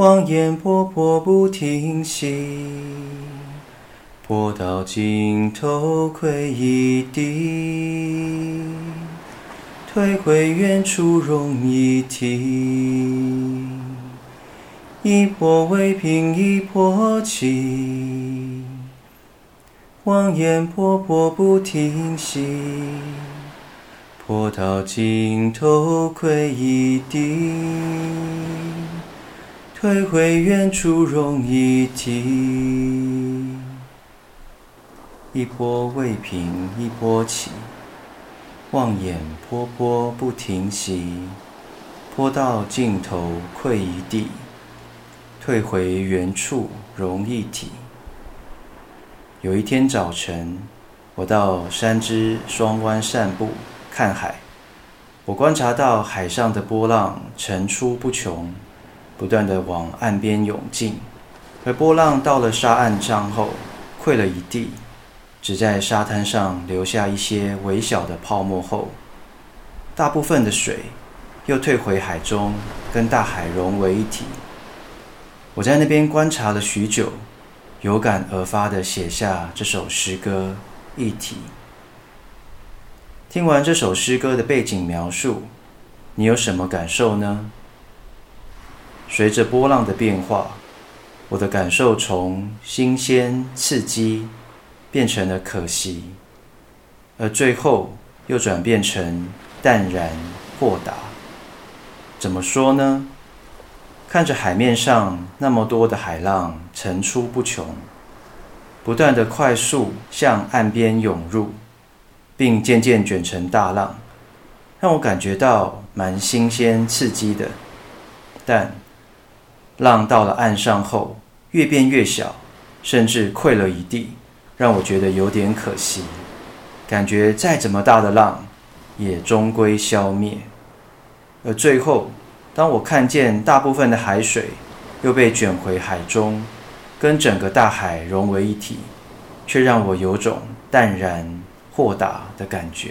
望眼波波不停息，波到盡頭饋一地，退回原處融一體，一波未平一波起。望眼波波不停息，波到盡頭饋一地。退回原處，融一體。一波未平，一波起。望眼波波不停息，波到盡頭饋一地。退回原處，融一體。有一天早晨，我到山之雙灣散步看海。我觀察到海上的波浪層出不窮。不斷地往岸邊湧進，而波浪到了沙岸上後潰了一地，只在沙灘上留下一些微小的泡沫後，大部分的水又退回海中，跟大海融為一體。我在那邊觀察了許久，有感而發地寫下這首詩歌，一體。聽完這首詩歌的背景描述，你有什麼感受呢？隨着波浪的變化，我的感受從新鮮刺激變成了可惜，而最後又轉變成淡然豁達。怎麼說呢？看着海面上那麼多的海浪層出不窮，不斷地快速向岸邊湧入，並漸漸卷成大浪，讓我感覺到蠻新鮮刺激的。但。浪到了岸上後，越變越小，甚至潰了一地，讓我覺得有點可惜。感覺再怎麼大的浪，也終歸消滅。而最後，當我看見大部分的海水又被捲回海中，跟整個大海融為一體，卻讓我有種淡然豁達的感覺。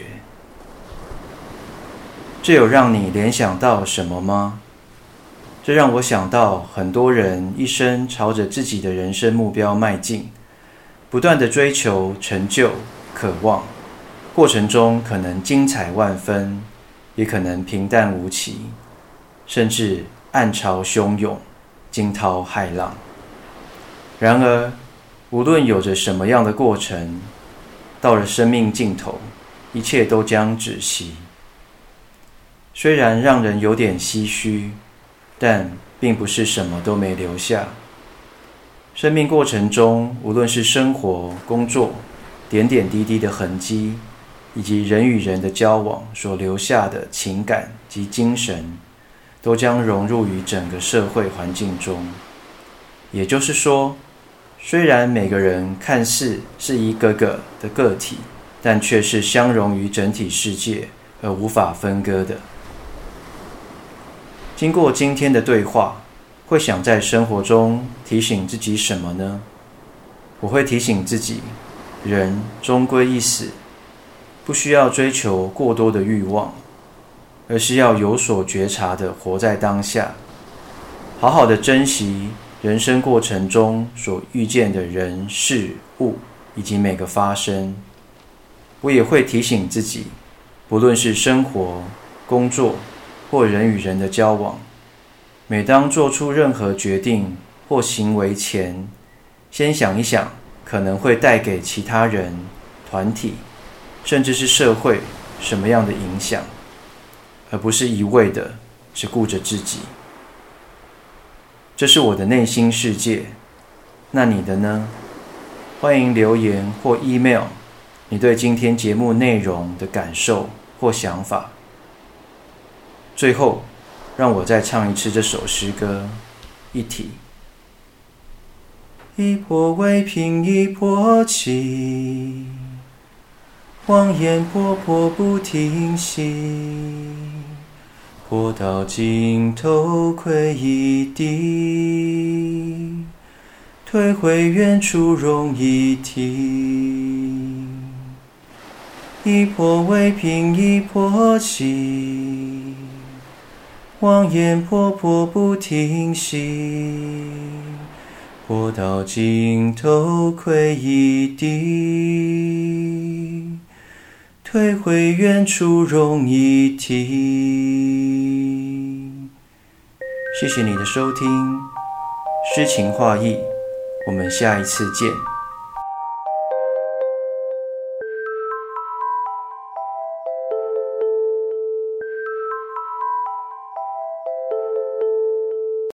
這有讓你聯想到什麼嗎？這讓我想到，很多人一生朝着自己的人生目標邁進，不斷地追求成就、渴望，過程中可能精彩萬分，也可能平淡無奇，甚至暗潮洶湧、驚濤駭浪。然而，無論有着什麼樣的過程，到了生命盡頭，一切都將止息。雖然讓人有點唏噓。但並不是什麼都沒留下。生命過程中，無論是生活、工作，點點滴滴的痕跡，以及人與人的交往所留下的情感及精神，都將融入於整個社會環境中。也就是說，雖然每個人看似是一個個的個體，但卻是相融於整體世界而無法分割的。經過今天的對話，會想在生活中提醒自己什麼呢？我會提醒自己，人終歸一死，不需要追求過多的慾望，而是要有所覺察的活在當下，好好的珍惜人生過程中所遇見的人事物以及每個發生。我也會提醒自己，不論是生活、工作。或人與人的交往，每當做出任何決定或行為前，先想一想可能會帶給其他人、團體，甚至是社會什麼樣的影響，而不是一味的只顧着自己。這是我的內心世界，那你的呢？歡迎留言或 Email 你對今天節目內容的感受或想法。最後，讓我再唱一次這首詩歌，一體一一婆婆一一提。一波未平，一波起，望眼波波不停息，波到盡頭饋一地，退回原處融一體。一波未平，一波起。望眼波波不停息，波到盡頭饋一地，退回原處融一體。謝謝你的收聽，詩情畫意，我們下一次見。